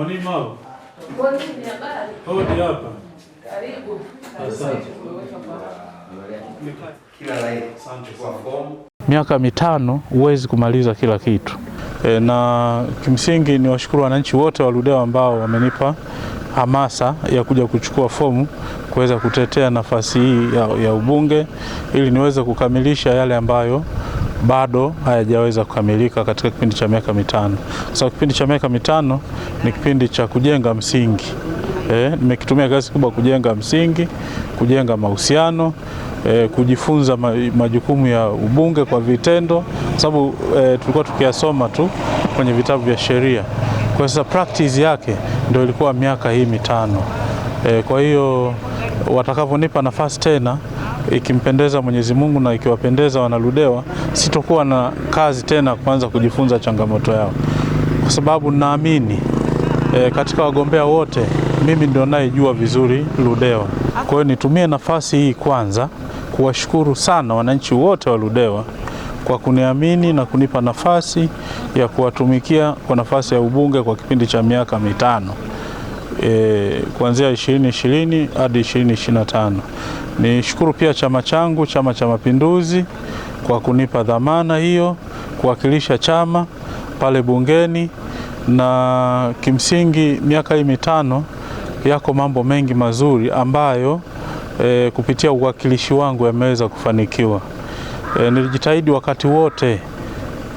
Mwalimu hao. Hodi hapa. Karibu. Asante. Miaka mitano huwezi kumaliza kila kitu. E, na kimsingi ni washukuru wananchi wote wa Ludewa ambao wamenipa hamasa ya kuja kuchukua fomu kuweza kutetea nafasi hii ya, ya ubunge ili niweze kukamilisha yale ambayo bado hayajaweza kukamilika katika kipindi cha miaka mitano, kwa sababu kipindi cha miaka mitano ni kipindi cha kujenga msingi. eh, nimekitumia kazi kubwa kujenga msingi, kujenga mahusiano eh, kujifunza majukumu ya ubunge kwa vitendo, kwa sababu eh, tulikuwa tukiyasoma tu kwenye vitabu vya sheria. Kwa sasa practice yake ndio ilikuwa miaka hii mitano. eh, kwa hiyo watakavyonipa nafasi tena ikimpendeza Mwenyezi Mungu na ikiwapendeza wanaludewa, sitokuwa na kazi tena kuanza kujifunza changamoto yao, kwa sababu naamini e, katika wagombea wote mimi ndio nayejua vizuri Ludewa. Kwa hiyo nitumie nafasi hii kwanza kuwashukuru sana wananchi wote wa Ludewa kwa kuniamini na kunipa nafasi ya kuwatumikia kwa nafasi ya ubunge kwa kipindi cha miaka mitano e, kuanzia 2020 hadi 2025. Nishukuru pia chama changu, Chama cha Mapinduzi, kwa kunipa dhamana hiyo kuwakilisha chama pale bungeni, na kimsingi miaka hii mitano yako mambo mengi mazuri ambayo e, kupitia uwakilishi wangu yameweza kufanikiwa. E, nilijitahidi wakati wote,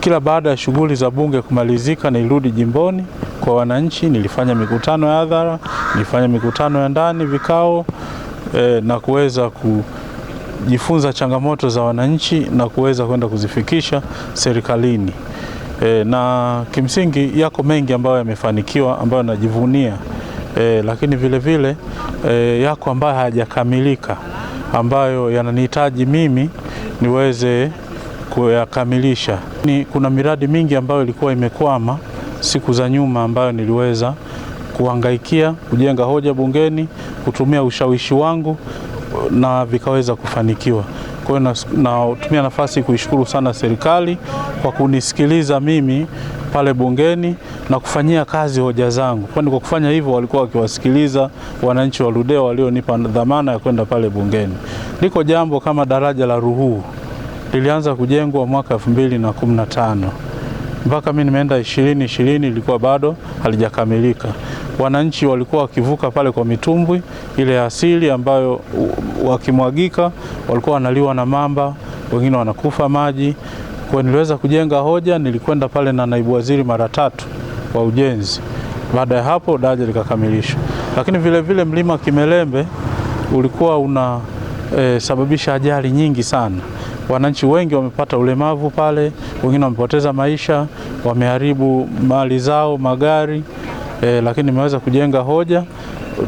kila baada ya shughuli za bunge kumalizika, nilirudi jimboni kwa wananchi, nilifanya mikutano ya hadhara, nilifanya mikutano ya ndani, vikao e, na kuweza kujifunza changamoto za wananchi na kuweza kwenda kuzifikisha serikalini. E, na kimsingi yako mengi ambayo yamefanikiwa ambayo najivunia e, lakini vile vile e, yako ambayo hayajakamilika ambayo yananihitaji mimi niweze kuyakamilisha. Ni, kuna miradi mingi ambayo ilikuwa imekwama siku za nyuma ambayo niliweza kuhangaikia kujenga hoja bungeni, kutumia ushawishi wangu na vikaweza kufanikiwa. Kwa hiyo natumia nafasi kuishukuru sana serikali kwa kunisikiliza mimi pale bungeni na kufanyia kazi hoja zangu, kwani kwa kufanya hivyo walikuwa wakiwasikiliza wananchi wa Ludewa walionipa dhamana ya kwenda pale bungeni. Liko jambo kama daraja la Ruhuu lilianza kujengwa mwaka 2015 mpaka mimi nimeenda ishirini ishirini ilikuwa bado halijakamilika. Wananchi walikuwa wakivuka pale kwa mitumbwi ile asili ambayo wakimwagika walikuwa wanaliwa na mamba, wengine wanakufa maji. Kwa niliweza kujenga hoja, nilikwenda pale na naibu waziri mara tatu wa ujenzi. Baada ya hapo daraja likakamilishwa, lakini vilevile vile mlima Kimelembe ulikuwa unasababisha eh, e, ajali nyingi sana. Wananchi wengi wamepata ulemavu pale, wengine wamepoteza maisha, wameharibu mali zao, magari e, lakini imeweza kujenga hoja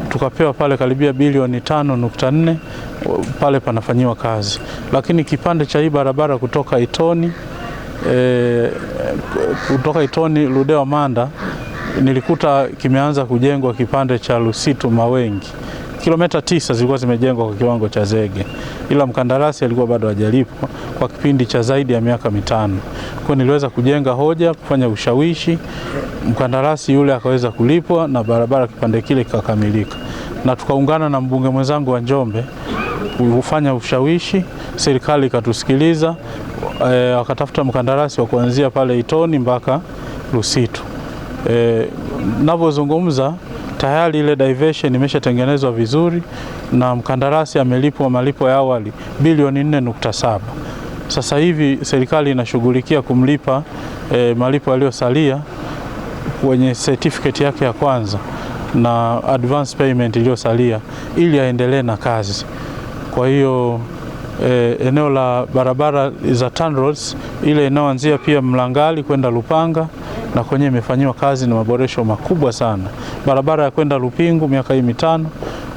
tukapewa pale karibia bilioni tano nukta nne pale panafanyiwa kazi, lakini kipande cha hii barabara kutoka Itoni e, kutoka Itoni Ludewa Manda nilikuta kimeanza kujengwa kipande cha Lusitu Mawengi kilomita tisa zilikuwa zimejengwa kwa kiwango cha zege, ila mkandarasi alikuwa bado hajalipwa kwa kipindi cha zaidi ya miaka mitano. Kwa niliweza kujenga hoja, kufanya ushawishi, mkandarasi yule akaweza kulipwa na barabara kipande kile kikakamilika, na tukaungana na mbunge mwenzangu wa Njombe kufanya ushawishi, serikali ikatusikiliza, e, eh, wakatafuta mkandarasi wa kuanzia pale Itoni mpaka Lusitu. E, eh, navyozungumza tayari ile diversion imeshatengenezwa vizuri na mkandarasi amelipwa malipo ya awali bilioni 4.7. Sasa hivi serikali inashughulikia kumlipa e, malipo yaliyosalia kwenye certificate yake ya kwanza na advance payment iliyosalia ili aendelee na kazi. Kwa hiyo e, eneo la barabara za TANROADS ile inayoanzia pia Mlangali kwenda Lupanga na kwenye imefanyiwa kazi na maboresho makubwa sana. Barabara ya kwenda Lupingu miaka hii mitano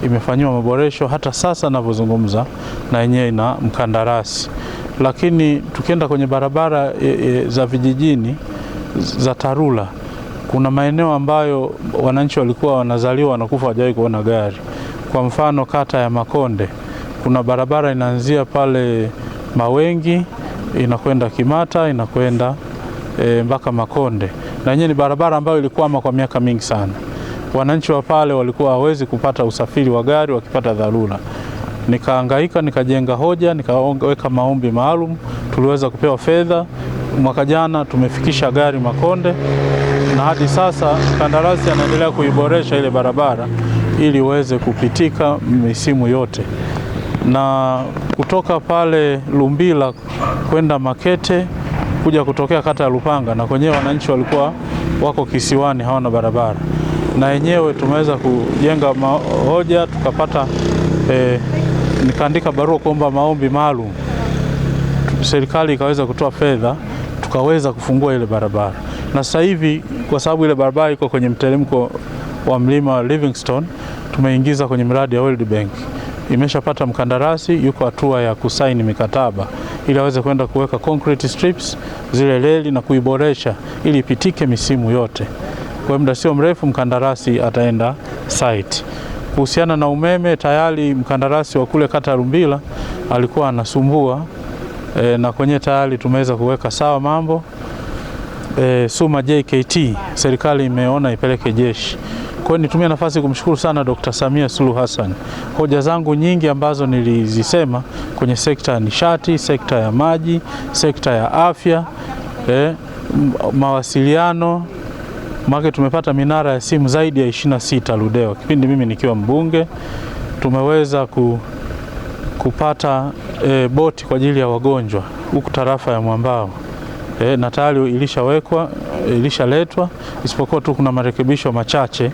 imefanyiwa maboresho, hata sasa ninavyozungumza na yenyewe ina mkandarasi. Lakini tukienda kwenye barabara e, e, za vijijini za TARURA kuna maeneo ambayo wananchi walikuwa wanazaliwa wanakufa hawajawahi kuona gari. Kwa mfano kata ya Makonde kuna barabara inaanzia pale Mawengi inakwenda Kimata inakwenda e, mpaka Makonde na yenyewe ni barabara ambayo ilikwama kwa miaka mingi sana. Wananchi wa pale walikuwa hawezi kupata usafiri wa gari wakipata dharura. nikaangaika nikajenga hoja, nikaweka maombi maalum, tuliweza kupewa fedha. Mwaka jana tumefikisha gari Makonde, na hadi sasa kandarasi anaendelea kuiboresha ile barabara ili iweze kupitika misimu yote. Na kutoka pale Lumbila kwenda Makete kuja kutokea kata ya Lupanga, na kwenyewe wananchi walikuwa wako kisiwani, hawana barabara, na yenyewe tumeweza kujenga hoja tukapata eh, nikaandika barua kuomba maombi maalum, serikali ikaweza kutoa fedha, tukaweza kufungua ile barabara, na sasa hivi kwa sababu ile barabara iko kwenye mteremko wa mlima wa Livingstone, tumeingiza kwenye mradi ya World Bank, imeshapata mkandarasi, yuko hatua ya kusaini mikataba ili aweze kwenda kuweka concrete strips zile reli na kuiboresha ili ipitike misimu yote. Kwa muda sio mrefu mkandarasi ataenda site. Kuhusiana na umeme, tayari mkandarasi wa kule kata Rumbila alikuwa anasumbua e, na kwenye tayari tumeweza kuweka sawa mambo e, Suma JKT serikali imeona ipeleke jeshi kwa hiyo nitumie nafasi kumshukuru sana Dr. Samia Suluhu Hassan. Hoja zangu nyingi ambazo nilizisema kwenye sekta ya nishati, sekta ya maji, sekta ya afya, eh, mawasiliano make tumepata minara ya simu zaidi ya 26 Ludewa kipindi mimi nikiwa mbunge. Tumeweza ku, kupata e, boti kwa ajili ya wagonjwa huku tarafa ya Mwambao e, eh, na tayari ilishawekwa ilishaletwa, isipokuwa tu kuna marekebisho machache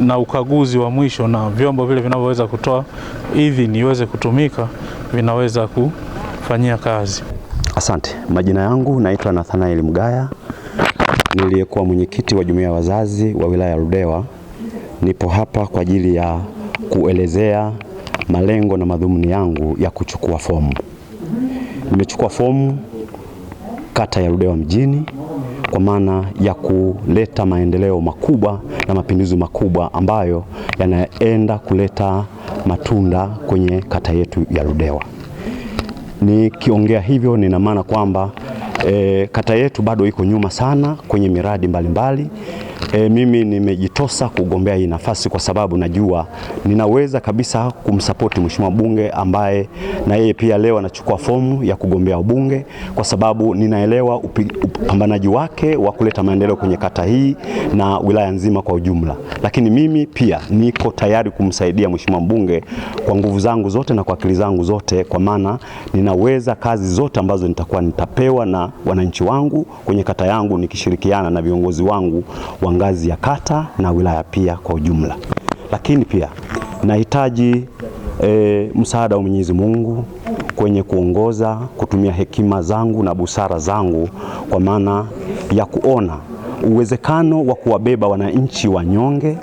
na ukaguzi wa mwisho, na vyombo vile vinavyoweza kutoa idhini iweze kutumika vinaweza kufanyia kazi. Asante. Majina yangu naitwa Nathanael Mgaya, niliyekuwa mwenyekiti wa jumuiya ya wazazi wa wilaya ya Ludewa. Nipo hapa kwa ajili ya kuelezea malengo na madhumuni yangu ya kuchukua fomu. Nimechukua fomu kata ya Ludewa mjini kwa maana ya kuleta maendeleo makubwa na mapinduzi makubwa ambayo yanaenda kuleta matunda kwenye kata yetu ya Ludewa. Nikiongea hivyo nina maana kwamba e, kata yetu bado iko nyuma sana kwenye miradi mbalimbali mbali e, mimi nimejitosa kugombea hii nafasi kwa sababu najua ninaweza kabisa kumsapoti mheshimiwa bunge ambaye na yeye pia leo anachukua fomu ya kugombea ubunge, kwa sababu ninaelewa upambanaji wake wa kuleta maendeleo kwenye kata hii na wilaya nzima kwa ujumla. Lakini mimi pia niko tayari kumsaidia mheshimiwa mbunge kwa nguvu zangu zote na kwa akili zangu zote, kwa maana ninaweza kazi zote ambazo nitakuwa nitapewa na wananchi wangu kwenye kata yangu nikishirikiana na viongozi wangu wa ngazi ya kata na wilaya pia kwa ujumla. Lakini pia nahitaji e, msaada wa Mwenyezi Mungu kwenye kuongoza, kutumia hekima zangu na busara zangu kwa maana ya kuona uwezekano wa kuwabeba wananchi wanyonge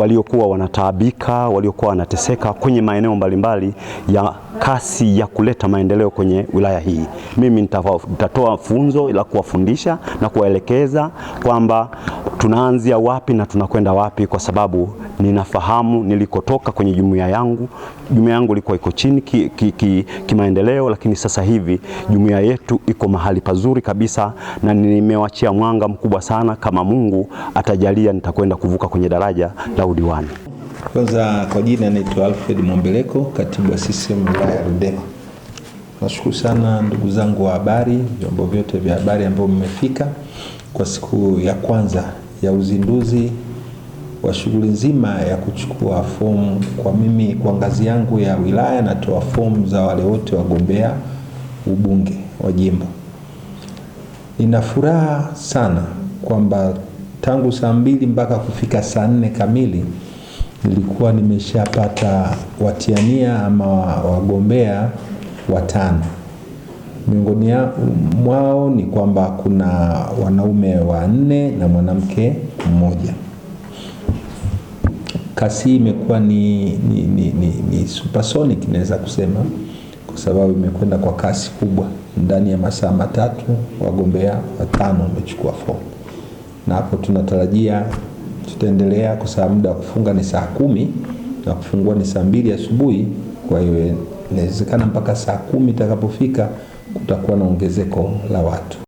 waliokuwa wanataabika, waliokuwa wanateseka kwenye maeneo mbalimbali ya kasi ya kuleta maendeleo kwenye wilaya hii. Mimi nitatoa funzo la kuwafundisha na kuwaelekeza kwamba tunaanzia wapi na tunakwenda wapi, kwa sababu ninafahamu nilikotoka kwenye jumuiya yangu. Jumuiya yangu ilikuwa iko chini kimaendeleo ki, ki, ki, lakini sasa hivi jumuiya yetu iko mahali pazuri kabisa, na nimewachia mwanga mkubwa sana. Kama Mungu atajalia, nitakwenda kuvuka kwenye daraja la udiwani. Kwanza kwa jina naitwa Alfred Mwambeleko, katibu wa CCM wilaya ya Rudema. Nashukuru sana ndugu zangu wa habari, vyombo vyote vya habari ambao mmefika kwa siku ya kwanza ya uzinduzi wa shughuli nzima ya kuchukua fomu. Kwa mimi kwa ngazi yangu ya wilaya, natoa fomu za wale wote wagombea ubunge wa jimbo. Nina furaha sana kwamba tangu saa mbili mpaka kufika saa nne kamili nilikuwa nimeshapata watiania ama wagombea watano. Miongoni mwao ni kwamba kuna wanaume wanne na mwanamke mmoja. Kasi hii imekuwa ni, ni, ni, ni, ni supersonic naweza kusema, kwa sababu imekwenda kwa kasi kubwa. Ndani ya masaa matatu wagombea watano wamechukua fomu, na hapo tunatarajia tutaendelea kwa sababu muda wa kufunga ni saa kumi na kufungua ni saa mbili asubuhi. Kwa hiyo inawezekana mpaka saa kumi itakapofika kutakuwa na ongezeko la watu.